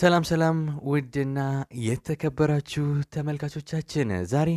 ሰላም ሰላም ውድና የተከበራችሁ ተመልካቾቻችን ዛሬ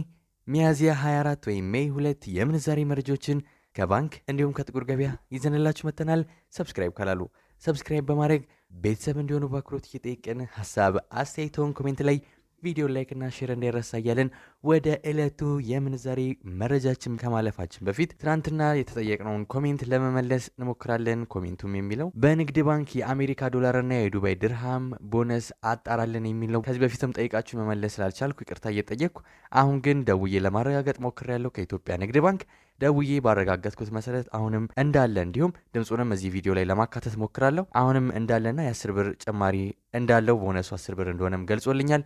ሚያዝያ 24 ወይም ሜይ ሁለት የምንዛሬ መረጃዎችን ከባንክ እንዲሁም ከጥቁር ገበያ ይዘንላችሁ መጥተናል። ሰብስክራይብ ካላሉ ሰብስክራይብ በማድረግ ቤተሰብ እንዲሆኑ በአክብሮት እየጠየቅን ሀሳብ አስተያየተውን ኮሜንት ላይ ቪዲዮ ላይክና ሼር እንዳይረሳ እያለን ወደ ዕለቱ የምንዛሬ መረጃችን ከማለፋችን በፊት ትናንትና የተጠየቅነውን ኮሜንት ለመመለስ እንሞክራለን። ኮሜንቱም የሚለው በንግድ ባንክ የአሜሪካ ዶላርና የዱባይ ድርሃም ቦነስ አጣራለን የሚለው ከዚህ በፊትም ጠይቃችሁ መመለስ ስላልቻልኩ ይቅርታ እየጠየቅኩ አሁን ግን ደውዬ ለማረጋገጥ ሞክሬያለሁ ከኢትዮጵያ ንግድ ባንክ ደውዬ ባረጋገጥኩት መሰረት አሁንም እንዳለ እንዲሁም ድምፁንም እዚህ ቪዲዮ ላይ ለማካተት ሞክራለሁ። አሁንም እንዳለና የአስር ብር ጭማሪ እንዳለው ቦነሱ አስር ብር እንደሆነም ገልጾልኛል።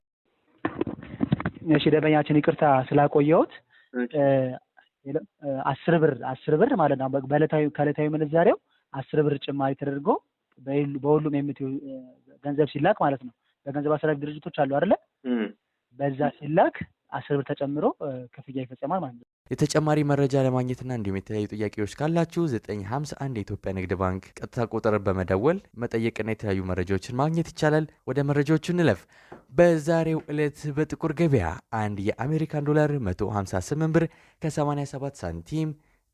እሺ ደንበኛችን ይቅርታ ስላቆየሁት አስር ብር አስር ብር ማለት ነው በዕለታዊ ከዕለታዊ ምንዛሬው አስር ብር ጭማሪ ተደርጎ በሁሉም የምት ገንዘብ ሲላክ ማለት ነው በገንዘብ አስተላላፊ ድርጅቶች አሉ አይደለ በዛ ሲላክ አስር ብር ተጨምሮ ክፍያ ይፈጸማል ማለት ነው። የተጨማሪ መረጃ ለማግኘትና እንዲሁም የተለያዩ ጥያቄዎች ካላችሁ 951 የኢትዮጵያ ንግድ ባንክ ቀጥታ ቁጥር በመደወል መጠየቅና የተለያዩ መረጃዎችን ማግኘት ይቻላል። ወደ መረጃዎቹ እንለፍ። በዛሬው ዕለት በጥቁር ገበያ አንድ የአሜሪካን ዶላር 158 ብር ከ87 ሳንቲም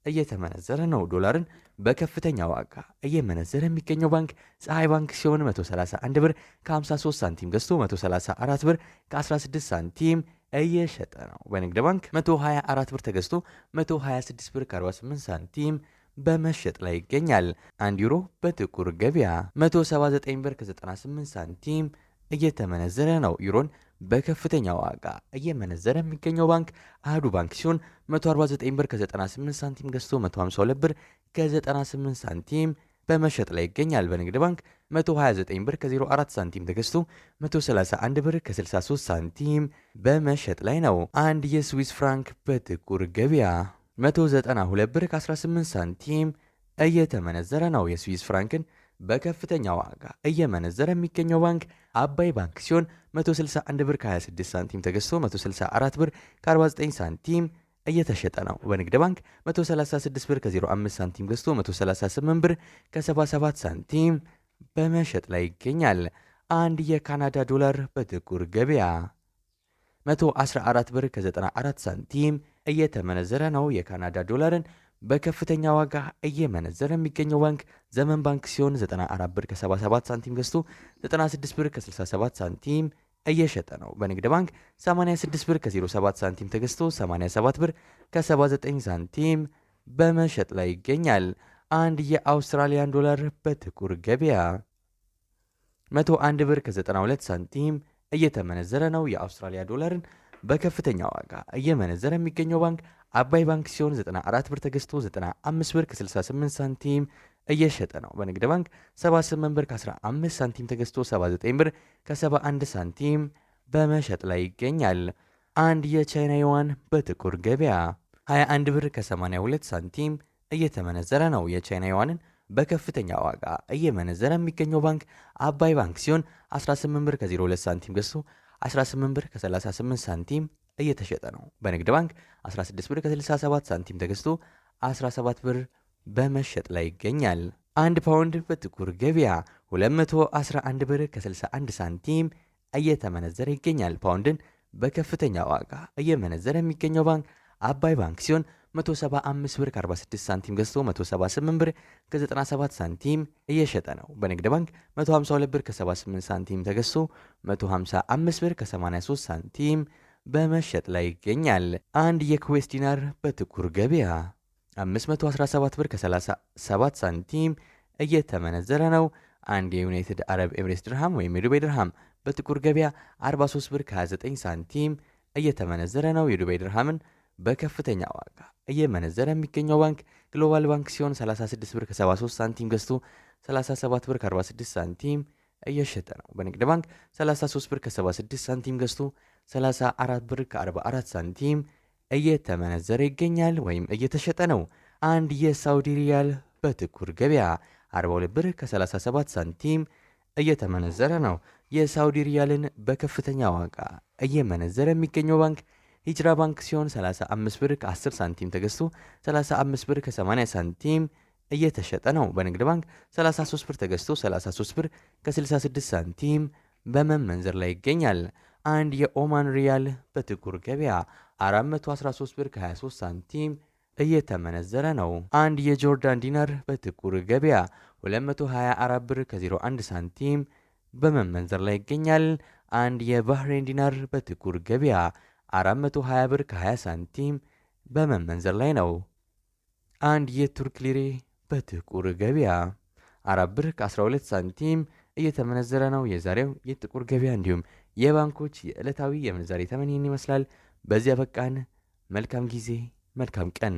እየተመነዘረ ነው። ዶላርን በከፍተኛ ዋጋ እየመነዘረ የሚገኘው ባንክ ፀሐይ ባንክ ሲሆን 131 ብር ከ53 ሳንቲም ገዝቶ 134 ብር ከ16 ሳንቲም እየሸጠ ነው። በንግድ ባንክ 124 ብር ተገዝቶ 126 ብር ከ48 ሳንቲም በመሸጥ ላይ ይገኛል። አንድ ዩሮ በጥቁር ገበያ 179 ብር ከ98 ሳንቲም እየተመነዘረ ነው። ዩሮን በከፍተኛ ዋጋ እየመነዘረ የሚገኘው ባንክ አህዱ ባንክ ሲሆን 149 ብር ከ98 ሳንቲም ገዝቶ 152 ብር ከ98 ሳንቲም በመሸጥ ላይ ይገኛል። በንግድ ባንክ 129 ብር ከ04 ሳንቲም ተገዝቶ 131 ብር ከ63 ሳንቲም በመሸጥ ላይ ነው። አንድ የስዊስ ፍራንክ በጥቁር ገበያ 192 ብር ከ18 ሳንቲም እየተመነዘረ ነው። የስዊስ ፍራንክን በከፍተኛ ዋጋ እየመነዘረ የሚገኘው ባንክ አባይ ባንክ ሲሆን 161 ብር ከ26 ሳንቲም ተገዝቶ 164 ብር ከ49 ሳንቲም እየተሸጠ ነው። በንግድ ባንክ 136 ብር ከ05 ሳንቲም ገዝቶ 138 ብር ከ77 ሳንቲም በመሸጥ ላይ ይገኛል። አንድ የካናዳ ዶላር በጥቁር ገበያ 114 ብር ከ94 ሳንቲም እየተመነዘረ ነው። የካናዳ ዶላርን በከፍተኛ ዋጋ እየመነዘረ የሚገኘው ባንክ ዘመን ባንክ ሲሆን 94 ብር ከ77 ሳንቲም ገዝቶ 96 ብር ከ67 ሳንቲም እየሸጠ ነው። በንግድ ባንክ 86 ብር ከ07 ሳንቲም ተገዝቶ 87 ብር ከ79 ሳንቲም በመሸጥ ላይ ይገኛል። አንድ የአውስትራሊያን ዶላር በጥቁር ገበያ 101 ብር ከ92 ሳንቲም እየተመነዘረ ነው። የአውስትራሊያ ዶላርን በከፍተኛ ዋጋ እየመነዘረ የሚገኘው ባንክ አባይ ባንክ ሲሆን 94 ብር ተገዝቶ 95 ብር ከ68 ሳንቲም እየሸጠ ነው። በንግድ ባንክ 78 ብር ከ15 ሳንቲም ተገዝቶ 79 ብር ከ71 ሳንቲም በመሸጥ ላይ ይገኛል። አንድ የቻይና ዩዋን በጥቁር ገበያ 21 ብር ከ82 ሳንቲም እየተመነዘረ ነው። የቻይና ዩዋንን በከፍተኛ ዋጋ እየመነዘረ የሚገኘው ባንክ አባይ ባንክ ሲሆን 18 ብር ከ02 ሳንቲም ገዝቶ 18 ብር ከ38 ሳንቲም እየተሸጠ ነው። በንግድ ባንክ 16 ብር ከ67 ሳንቲም ተገዝቶ 17 ብር በመሸጥ ላይ ይገኛል። አንድ ፓውንድ በጥቁር ገበያ 211 ብር ከ61 ሳንቲም እየተመነዘረ ይገኛል። ፓውንድን በከፍተኛ ዋጋ እየመነዘረ የሚገኘው ባንክ አባይ ባንክ ሲሆን 175 ብር ከ46 ሳንቲም ገዝቶ 178 ብር ከ97 ሳንቲም እየሸጠ ነው። በንግድ ባንክ 152 ብር ከ78 ሳንቲም ተገዝቶ 155 ብር ከ83 ሳንቲም በመሸጥ ላይ ይገኛል። አንድ የኩዌስ ዲናር በጥቁር ገበያ 517 ብር ከ37 ሳንቲም እየተመነዘረ ነው። አንድ የዩናይትድ አረብ ኤምሬስ ድርሃም ወይም የዱባይ ድርሃም በጥቁር ገበያ 43 ብር ከ29 ሳንቲም እየተመነዘረ ነው። የዱባይ ድርሃምን በከፍተኛ ዋጋ እየመነዘረ የሚገኘው ባንክ ግሎባል ባንክ ሲሆን 36 ብር ከ73 ሳንቲም ገዝቶ 37 ብር ከ46 ሳንቲም እየሸጠ ነው። በንግድ ባንክ 33 ብር ከ76 ሳንቲም ገዝቶ 34 ብር ከ44 ሳንቲም እየተመነዘረ ይገኛል ወይም እየተሸጠ ነው። አንድ የሳውዲ ሪያል በጥቁር ገበያ 42 ብር ከ37 ሳንቲም እየተመነዘረ ነው። የሳውዲ ሪያልን በከፍተኛ ዋጋ እየመነዘረ የሚገኘው ባንክ ሂጅራ ባንክ ሲሆን 35 ብር ከ10 ሳንቲም ተገዝቶ 35 ብር ከ80 ሳንቲም እየተሸጠ ነው። በንግድ ባንክ 33 ብር ተገዝቶ 33 ብር ከ66 ሳንቲም በመመንዘር ላይ ይገኛል። አንድ የኦማን ሪያል በጥቁር ገበያ 413 ብር ከ23 ሳንቲም እየተመነዘረ ነው። አንድ የጆርዳን ዲናር በጥቁር ገበያ 224 ብር ከ01 ሳንቲም በመመንዘር ላይ ይገኛል። አንድ የባህሬን ዲናር በጥቁር ገበያ 420 ብር ከ20 ሳንቲም በመመንዘር ላይ ነው። አንድ የቱርክ ሊሬ በጥቁር ገበያ 4 ብር ከ12 ሳንቲም እየተመነዘረ ነው። የዛሬው የጥቁር ገበያ እንዲሁም የባንኮች የዕለታዊ የምንዛሬ ተመን ይህን ይመስላል። በዚያ በቃን። መልካም ጊዜ፣ መልካም ቀን